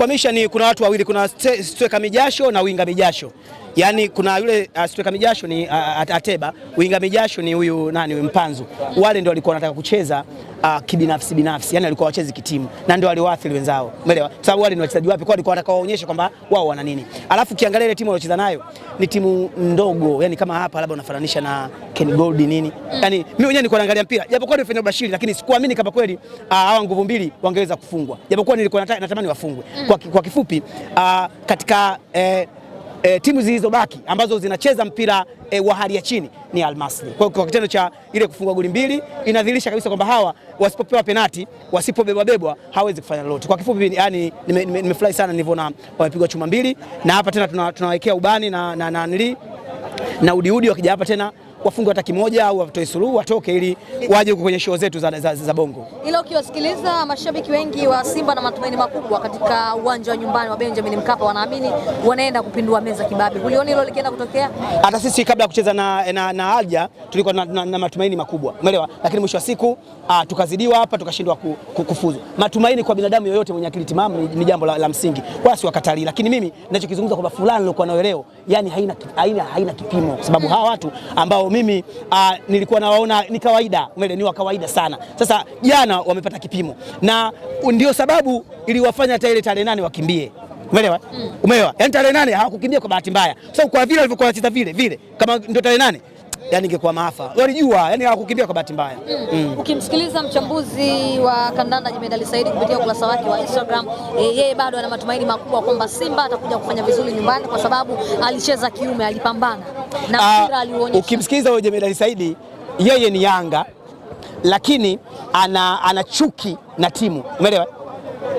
kukwamisha ni kuna watu wawili, kuna steka mijasho na winga mijasho. Yaani kuna yule uh, ah, Stweka Mijasho ni uh, Ateba, Winga Mijasho ni huyu nani huyu Mpanzu. Wale ndio walikuwa wanataka kucheza uh, kibinafsi binafsi. Yaani walikuwa wachezi kitimu na ndio waliwaathiri wenzao. Umeelewa? Kwa sababu wale ni wachezaji wapi kwa walikuwa wanataka waonyeshe kwamba wao wana nini. Alafu kiangalia ile timu waliocheza nayo ni timu ndogo. Yaani kama hapa labda unafananisha na Ken Gold nini. Mm. Yaani mimi mwenyewe nilikuwa naangalia mpira. Japokuwa ni Fenel Bashiri lakini sikuamini kama kweli uh, hawa nguvu mbili wangeweza kufungwa. Japokuwa nilikuwa natamani wafungwe. Mm. Kwa, kwa kifupi uh, katika eh, E, timu zilizobaki ambazo zinacheza mpira e, wa hali ya chini ni Almasri. Kwa kwa kitendo cha ile kufunga goli mbili inadhihirisha kabisa kwamba hawa wasipopewa penati, wasipobebwa bebwa hawezi kufanya lolote. Kwa kifupi, yani nimefurahi nime, nime sana nilivyoona wamepigwa chuma mbili, na hapa tena tunawekea tuna ubani na, na, na, na, na udiudi wakija hapa tena wafunge hata kimoja au watoe suluhu watoke, ili waje huko kwenye show zetu za, za, za Bongo. Ila ukiwasikiliza mashabiki wengi wa Simba na matumaini makubwa katika uwanja wa nyumbani wa Benjamin Mkapa, wanaamini wanaenda kupindua meza kibabe. Uliona hilo likienda kutokea? Hata sisi kabla ya kucheza na, na, na Alja tulikuwa na, na, na matumaini makubwa, umeelewa, lakini mwisho wa siku aa, ah, tukazidiwa hapa tukashindwa ku, ku, kufuzu. Matumaini kwa binadamu yoyote mwenye akili timamu ni jambo la, la msingi, wala si wakatali, lakini mimi ninachokizungumza kwamba fulani nilikuwa leo, yani haina, haina, haina kipimo, sababu hawa watu ambao mimi uh, nilikuwa nawaona ni kawaida, wa kawaida sana. Sasa jana wamepata kipimo na ndio sababu iliwafanya hata ile tarehe nane wakimbie. Umeelewa? Mm. Umeelewa? Yaani tarehe nane hawakukimbia kwa bahati mbaya. Sasa so, kwa vile walivyokuwa wanacheza vile vile kama ndio tarehe nane yani ingekuwa maafa. Walijua yani hawakukimbia kwa bahati mbaya. Ukimsikiliza mm. Hmm. Ukimsikiliza mchambuzi wa kandanda Jemedali Saidi kupitia ukurasa wake wa Instagram, eh, yeye bado ana matumaini makubwa kwamba Simba atakuja kufanya vizuri nyumbani kwa sababu alicheza kiume, alipambana na ah, mpira aliuonyesha. Ukimsikiliza huyo Jemedali Saidi, yeye ni Yanga lakini ana, ana chuki na timu, umeelewa?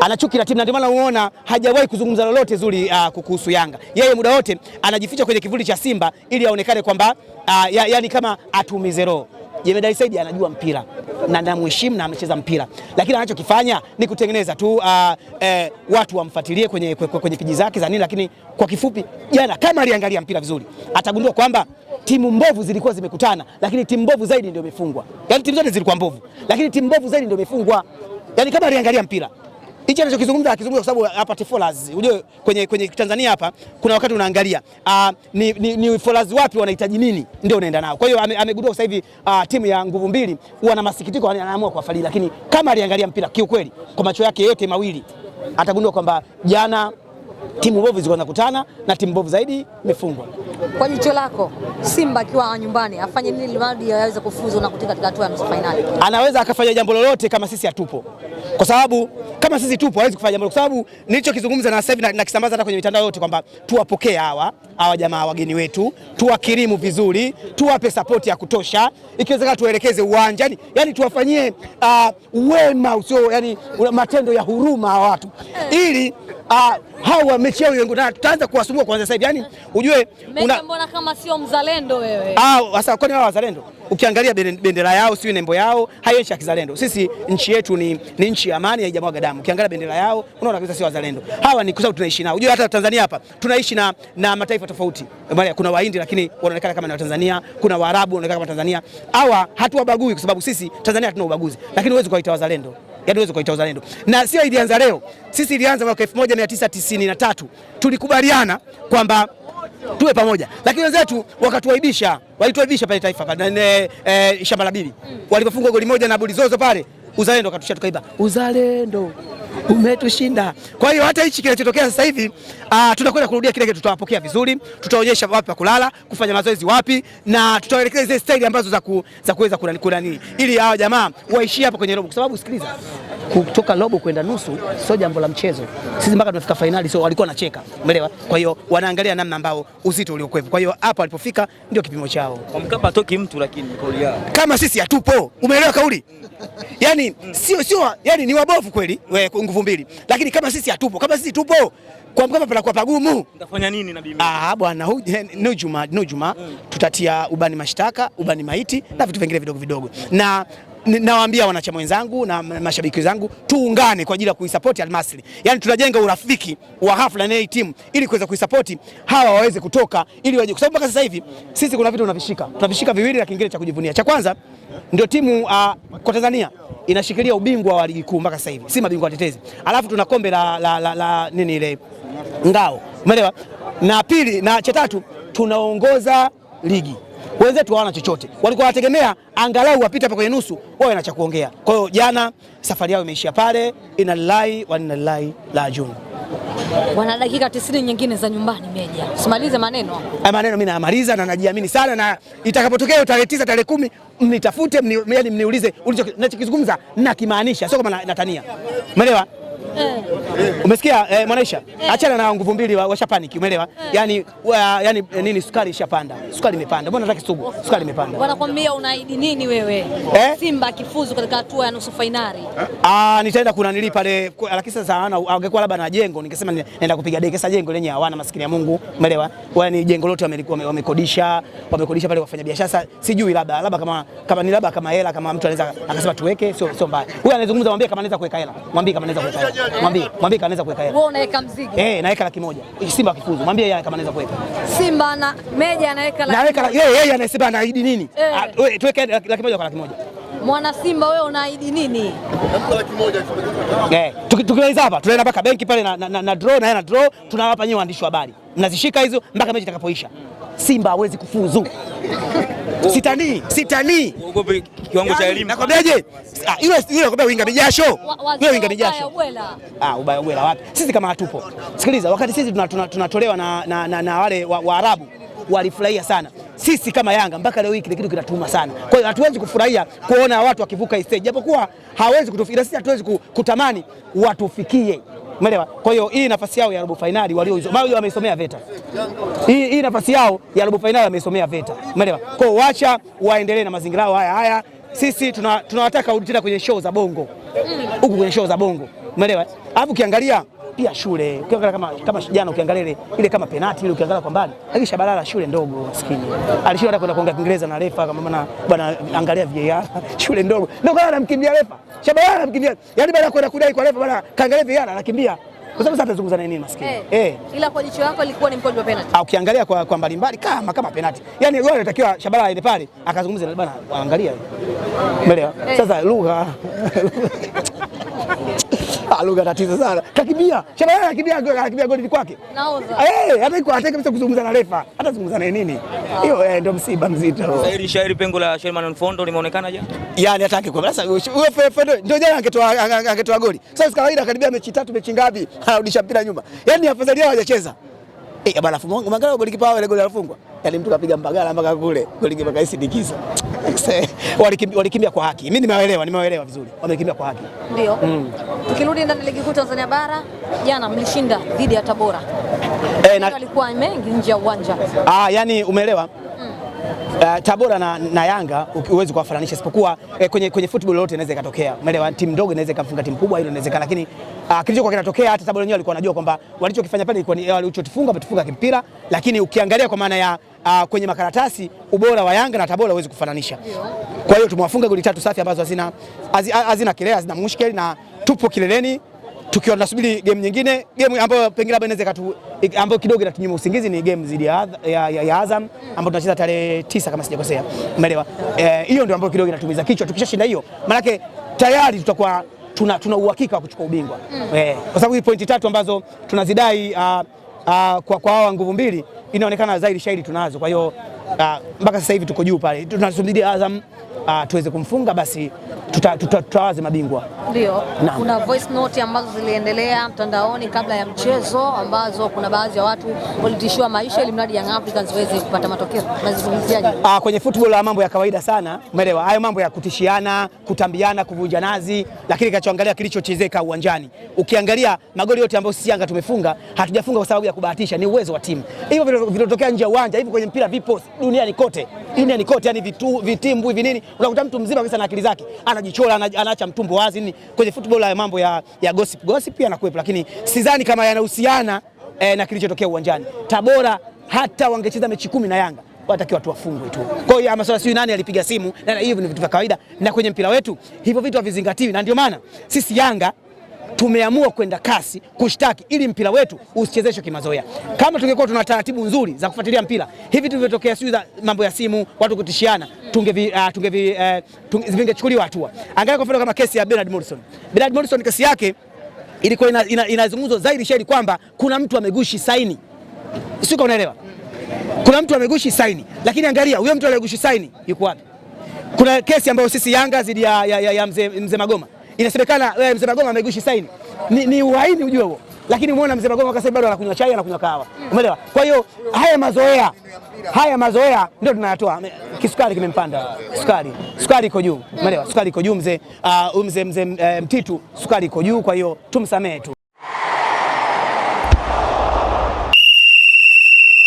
ana chuki na timu na ndio maana unaona hajawahi kuzungumza lolote zuri uh, kuhusu Yanga. Yeye muda wote anajificha kwenye kivuli cha Simba ili aonekane kwamba uh, ya, yani kama atumize roho. Jemedari Saidi anajua mpira na namheshimu na amecheza mpira, lakini anachokifanya ni kutengeneza tu uh, eh, watu wamfuatilie kwenye, kwenye kwenye peji zake za nini. Lakini kwa kifupi, jana kama aliangalia mpira vizuri, atagundua kwamba timu mbovu zilikuwa zimekutana, lakini timu mbovu zaidi ndio imefungwa. Yani timu zote zilikuwa mbovu, lakini timu mbovu zaidi ndio imefungwa. Yani kama aliangalia mpira hicho anachokizungumza akizungumza, kwa sababu hapa TFOLAS unajua kwenye, kwenye Tanzania hapa kuna wakati unaangalia uh, ni, ni, ni FOLAS wapi wanahitaji nini, ndio unaenda nao. Kwa hiyo amegundua sasa hivi uh, timu ya nguvu mbili huwa na masikitiko, anaamua kuwafadhili, lakini kama aliangalia mpira kiukweli kwa macho yake yote mawili atagundua kwamba jana timu bovu zilikuwa zinakutana na timu bovu zaidi imefungwa. Kwa jicho lako, Simba akiwa nyumbani afanye nini ili aweze kufuzu na kufika katika hatua ya nusu fainali? Anaweza akafanya jambo lolote kama sisi hatupo kwa sababu kama sisi tupo hawezi kufanya jambo, kwa sababu nilichokizungumza na sasa hivi nakisambaza hata kwenye mitandao yote kwamba tuwapokee hawa hawa jamaa wageni wetu, tuwakirimu vizuri, tuwape sapoti ya kutosha, ikiwezekana tuwaelekeze uwanja, yani, yani tuwafanyie uh, wema usio, yani matendo ya huruma watu ili Ah, hawa mechi yao yengo na tutaanza kuwasumbua kwanza sasa hivi. Yani ujue una mbona kama sio mzalendo wewe? Ah, sasa kwani wao wazalendo? Ukiangalia bendera yao sio nembo yao hayo haionyeshi kizalendo. Sisi nchi yetu ni, ni nchi ya amani, haijamwaga damu. Ukiangalia bendera yao unaona kabisa sio wazalendo. Hawa ni kwa sababu tunaishi nao. Ujue hata Tanzania hapa tunaishi na, na mataifa tofauti. Maana kuna Wahindi lakini wanaonekana kama ni Watanzania, kuna Waarabu wanaonekana kama Tanzania. Hawa hatuwabagui kwa sababu sisi Tanzania hatuna ubaguzi. Lakini huwezi kuwaita wazalendo yaani uweze kuita uzalendo, na sio ilianza leo. Sisi ilianza mwaka 1993 tulikubaliana kwamba tuwe pamoja, lakini wenzetu wakatuaibisha, walituaibisha pale Taifa pale e, shamba la Bili mm. walipofunga goli moja na Bulizozo pale, uzalendo katushia tukaiba uzalendo umetushinda. Kwa hiyo hata hichi kinachotokea sasa hivi ah, tunakwenda kurudia kile kile, tutawapokea vizuri, tutaonyesha wapi pa kulala, kufanya mazoezi wapi, na tutawaelekeza zile staili ambazo za ku, za kuweza kunanii, ili hawa jamaa waishie hapa kwenye robo, kwa sababu sikiliza, kutoka robo kwenda nusu sio jambo la mchezo. Sisi mpaka tunafika finali, so walikuwa wanacheka, umeelewa? Kwa hiyo wanaangalia namna ambao uzito uliokuwepo. Kwa hiyo hapa walipofika ndio kipimo chao. Mkapa toki mtu, lakini kauli yao kama sisi hatupo, umeelewa kauli? Mm. Yani sio sio, yani ni wabovu kweli wewe nguvu mbili, lakini kama sisi hatupo, kama sisi tupo kwa Mkapa kwa pagumu. Mtafanya nini na bibi? Ah, bwana Nujuma, Nujuma, hmm. tutatia ubani mashtaka, ubani maiti na vitu vingine vidogo vidogo na nawaambia wanachama wenzangu na mashabiki zangu tuungane kwa ajili ya kuisapoti Almasri. Yaani tunajenga urafiki wa hafla na hii timu ili kuweza kuisapoti hawa waweze kutoka ili waje, kwa sababu mpaka sasa hivi sisi kuna vitu tunavishika, tunavishika viwili na kingine cha kujivunia. Cha kwanza ndio timu uh, kwa Tanzania inashikilia ubingwa wa ligi kuu mpaka sasa hivi, si mabingwa watetezi, alafu tuna kombe la, la, la, la nini ile ngao, umeelewa? Na pili na cha tatu tunaongoza ligi wenzetu hawana chochote, walikuwa wanategemea angalau wapita hapa kwenye nusu wawe na cha kuongea. Kwa hiyo jana safari yao imeishia pale, inna lillahi wa inna ilaihi rajiun. Wana dakika 90 nyingine za nyumbani Meja, simalize maneno haya. Maneno mimi nayamaliza na najiamini sana, na itakapotokea tarehe tisa, tarehe kumi, mnitafute mniulize mni, mni ulichokizungumza nakimaanisha, sio kama natania, umeelewa? Umesikia eh, Mwanaisha, Eh. achana na nguvu mbili wa, washapaniki, umeelewa? Yaani yaani nini, sukari ishapanda, sukari imepanda. Mbona nataka sugu, sukari imepanda. Wanakwambia unaidi nini wewe? Eh? Simba kifuzu katika hatua ya nusu fainali. Ah, nitaenda kuna nili pale, lakini sasa hana, angekuwa labda na jengo, ningesema naenda kupiga deki. Sasa jengo lenyewe hawana, maskini ya Mungu, umeelewa? Yaani jengo lote wamekodisha, wame, wame wamekodisha pale wafanyabiashara. Sasa sijui labda labda kama kama ni labda kama hela, kama mtu anaweza akasema tuweke, sio sio mbaya. Huyu anazungumza, mwambie kama anaweza kuweka hela, mwambie kama anaweza kuweka hela Mwambie, mwambie kanaweza kuweka hela. Wewe unaweka mzigo. Eh, naweka laki moja. Simba akifuzu. Mwambie yeye kama anaweza kuweka. Simba na Meja anaweka laki. Naweka yeye yeye anasema anaahidi nini? Eh. Ah, wewe tuweke laki moja kwa laki moja. Mwana Simba wewe unaahidi nini? Laki moja. Eh, tukiweza hapa tunaenda mpaka benki pale na na draw na na draw tunawapa nyinyi waandishi wa habari. Mnazishika hizo mpaka mechi itakapoisha. Simba hawezi kufuzu. Sitani, sitani. Uogope kiwango cha elimu. Nakwambiaje? Ah, yule yule anakwambia winga ni jasho. Yule winga ni jasho. Ah, ubaya ubwela wapi? Sisi kama hatupo. Sikiliza, wakati sisi tunatolewa na, na, na, na wale Waarabu wa walifurahia sana sisi kama Yanga mpaka leo hii kile kitu kinatuma sana. Kwa hiyo hatuwezi kufurahia kuona watu wakivuka stage, japokuwa hawezi kutufikia sisi, hatuwezi kutamani watufikie umeelewa? Kwa hiyo hii nafasi yao ya robo fainali walio Mao wameisomea VETA, hii hii nafasi yao ya robo fainali wameisomea VETA, umeelewa? Kwa hiyo wacha waendelee na mazingira yao haya haya. Sisi tunawataka tuna urudi tena kwenye show za bongo huku, kwenye show za bongo, umeelewa? Alafu ukiangalia pia shule ukiangalia kama kama jana, ukiangalia ile ile kama penalti ile, ukiangalia kwa mbali hakisha balala, shule ndogo maskini, alishinda hata kwenda kuongea Kiingereza na refa, kama bwana bwana, angalia VAR, shule ndogo ndio kwa anamkimbia refa, Shabalala anamkimbia, yani baada ya kwenda kudai kwa refa, bwana kaangalia VAR anakimbia kwa sababu sasa atazungumza nini maskini eh? Hey, eh. hey. Ila kwa jicho lako ilikuwa ni mkondo wa penalty. Ah, ukiangalia kwa kwa mbali mbali kama kama penalty. Yaani wao inatakiwa Shabalala ile pale akazungumza na bwana, angalia. Umeelewa? Hey. Eh. Sasa lugha lugha tatizo sana. Kakimbia. Shabana eh, kakimbia eh, kakimbia goli goli kwake. Naoza. Eh, eh, hata iko hata kabisa kuzungumza na refa. Hata zungumza na nini? Hiyo eh, ndio msiba mzito. Shairi shairi pengo la Sherman Fondo limeonekana jana. Yaani hataki kwa sasa huyo Fondo ndio jana angetoa angetoa goli. Sasa kawaida karibia mechi tatu mechi ngapi? Arudisha mpira nyuma. Yaani afadhali yao hajacheza. Eh, bana alafu Mangala goli kipa wale goli alifungwa. Yaani mtu kapiga mbagala mpaka kule. Goli kipa kaisi dikiza. walikimbia kwa haki. Mimi nimewaelewa, nimewaelewa vizuri, wamekimbia kwa haki ndio. Mm. Tukirudi ndani ligi kuu Tanzania bara, jana mlishinda dhidi ya Tabora e, na... alikuwa mengi nje ya uwanja ah, yani umeelewa Uh, Tabora na, na Yanga huwezi kuwafananisha isipokuwa eh, kwenye, kwenye football lolote inaweza ikatokea. Umeelewa, timu ndogo inaweza ikamfunga timu kubwa, hilo inawezekana, lakini uh, kilichokuwa kinatokea hata Tabora wenyewe walikuwa wanajua kwamba walichokifanya pale ilikuwa eh, walichotufunga wametufunga kimpira, lakini ukiangalia kwa maana ya uh, kwenye makaratasi ubora wa Yanga na Tabora huwezi kufananisha. Kwa hiyo tumewafunga goli tatu safi ambazo hazina hazina kelele, hazina mushkeli na tupo kileleni tukiwa tunasubiri game nyingine, game ambayo pengine labda inaweza katu ambayo kidogo inatunyima usingizi ni game zidi ya, ya, ya Azam ambayo tunacheza tarehe tisa kama sijakosea, umeelewa? Hiyo eh, hiyo ndio ambayo kidogo inatumiza kichwa. Tukishashinda hiyo, maanake tayari tutakuwa tuna, tuna uhakika wa kuchukua ubingwa mm. E, kwa sababu hii pointi tatu ambazo tunazidai a, ah, a, ah, kwa kwa hawa nguvu mbili inaonekana zaidi shaidi tunazo, kwa hiyo ah, mpaka sasa hivi tuko juu pale, tunasubiri Azam uh, tuweze kumfunga basi tutawaze tuta, mabingwa. Ndio, kuna voice note ambazo ziliendelea mtandaoni kabla ya mchezo ambazo kuna baadhi ya watu walitishiwa maisha ili mradi Young Africans waweze kupata matokeo. Unazungumziaje? Ah, kwenye football ya mambo ya kawaida sana, umeelewa? Hayo mambo ya kutishiana, kutambiana, kuvunja nazi, lakini kachoangalia kilichochezeka uwanjani. Ukiangalia magoli yote ambayo sisi Yanga tumefunga, hatujafunga kwa sababu ya kubahatisha, ni uwezo wa timu. Hivyo vinatokea nje ya uwanja, hivyo kwenye mpira vipo duniani kote. Duniani kote, yani vitu, hivi nini? Unakuta mtu mzima kabisa na akili zake anajichora, anaacha mtumbo wazi ni kwenye football. Haya mambo ya, ya gossip gossip pia anakuepo, lakini sidhani kama yanahusiana eh, na kilichotokea uwanjani. Tabora hata wangecheza mechi kumi na Yanga watakiwa watu wafungwe tu. Kwa hiyo ama sio nani alipiga simu, na hiyo ni vitu vya kawaida, na kwenye mpira wetu hivyo vitu havizingatiwi, na ndio maana sisi Yanga tumeamua kwenda kasi kushtaki ili mpira wetu usichezeshwe kimazoea. Kama tungekuwa tuna taratibu nzuri za kufuatilia mpira hivi tulivyotokea, sio mambo ya simu, watu kutishiana, tungevi uh, ah, tungevi, uh, eh, tunge, zingechukuliwa hatua. Angalia kwa mfano kama kesi ya Bernard Morrison. Bernard Morrison kesi yake ilikuwa inazungumzwa ina zaidi shairi kwamba kuna mtu amegushi saini, sio unaelewa? Kuna mtu amegushi saini, lakini angalia huyo mtu aliyegushi saini yuko wapi? Kuna kesi ambayo sisi Yanga dhidi ya, ya, ya, ya mzee mze Magoma inasemekana wewe mzee Magoma amegushi saini, ni, ni uhaini ujue huo, lakini umeona mzee Magoma akasema bado anakunywa chai anakunywa kahawa, umeelewa? Kwa hiyo haya mazoea haya mazoea ndio tunayatoa. Kisukari kimempanda, sukari sukari iko juu, umeelewa? Sukari iko juu mzee, uh, mzee mzee, eh, Mtitu, sukari iko juu, kwa hiyo tumsamehe tu.